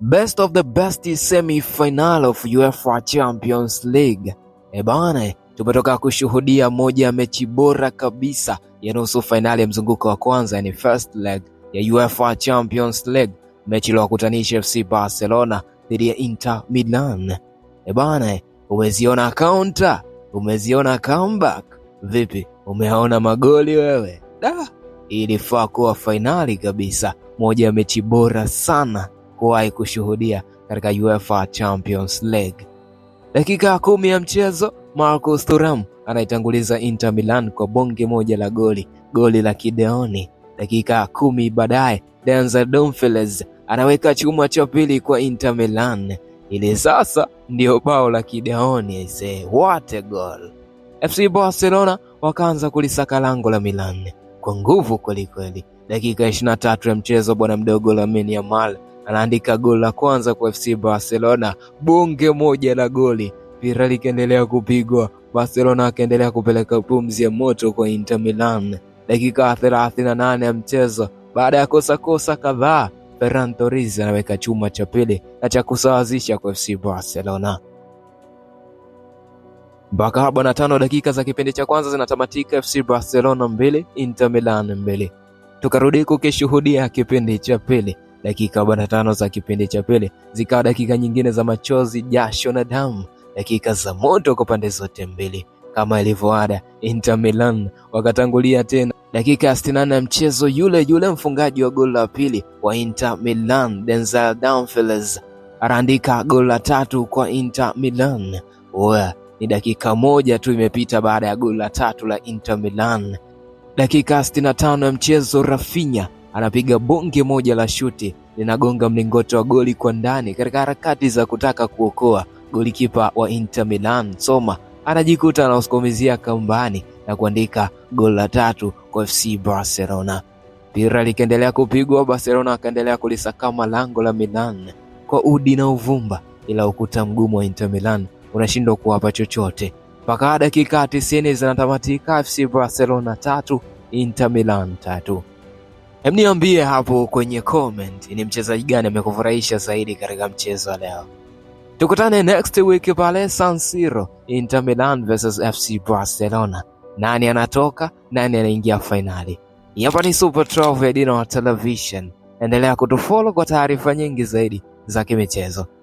best of the best semi final of UEFA Champions League. E bana, tumetoka kushuhudia moja ya mechi bora kabisa ya nusu fainali ya mzunguko wa kwanza, yani first leg ya UEFA Champions League, mechi iliyowakutanisha FC Barcelona dhidi ya Inter Milan. E bana, umeziona counter, umeziona comeback, vipi? Umeona magoli wewe? Da, ilifaa kuwa fainali kabisa, moja ya mechi bora sana kuwahi kushuhudia katika UEFA Champions League. Dakika ya kumi ya mchezo, Marcus Thuram anaitanguliza Inter Milan kwa bonge moja la goli, goli la kideoni. Dakika ya kumi baadaye, Denzel Dumfries anaweka chuma cha pili kwa Inter Milan. Ili sasa ndio bao la kideoni ise, what a goal! FC Barcelona wakaanza kulisaka lango la Milan kwa nguvu kwelikweli. Dakika 23 ya mchezo, bwana mdogo Lamine Yamal anaandika goli la kwanza kwa FC Barcelona, bonge moja la goli. Pira likiendelea kupigwa, Barcelona akaendelea kupeleka pumzi ya moto kwa Inter Milan. Dakika 38 ya mchezo, baada ya kosa kosa kadhaa, Ferran Torres anaweka chuma cha pili na cha kusawazisha kwa FC Barcelona. Mpaka arobaini na tano dakika za kipindi cha kwanza zinatamatika, FC Barcelona mbili Inter Milan mbili. Tukarudi kukishuhudia kipindi cha pili. Dakika 45 za kipindi cha pili zikawa dakika nyingine za machozi, jasho na damu, dakika za moto kwa pande zote mbili. Kama ilivyoada, Inter Milan wakatangulia tena dakika ya 68 ya mchezo, yule yule mfungaji wa goli la pili wa Inter Milan Denzel Dumfries anaandika goli la tatu kwa Inter Milan. Uwe, ni dakika moja tu imepita baada ya goli la tatu la Inter Milan. Dakika 65 ya mchezo Rafinha anapiga bonge moja la shuti linagonga mlingoto wa goli kwa ndani katika harakati za kutaka kuokoa. Golikipa wa Inter Milan Soma anajikuta anaosukumizia kambani na kuandika goli la tatu kwa FC Barcelona. Mpira likaendelea kupigwa, Barcelona akaendelea kulisakama lango la Milan kwa udi na uvumba, ila ukuta mgumu wa Inter Milan unashindwa kuwapa chochote mpaka dakika 90 zinatamatika, FC Barcelona tatu Inter Milan tatu. Hebu niambie hapo kwenye comment ni mchezaji gani amekufurahisha zaidi katika mchezo wa leo. Tukutane next week pale San Siro, Inter Milan vs FC Barcelona. Nani anatoka, nani anaingia fainali? Hapa ni Super 12 ya Dino Television. Endelea kutufollow kwa taarifa nyingi zaidi za kimichezo.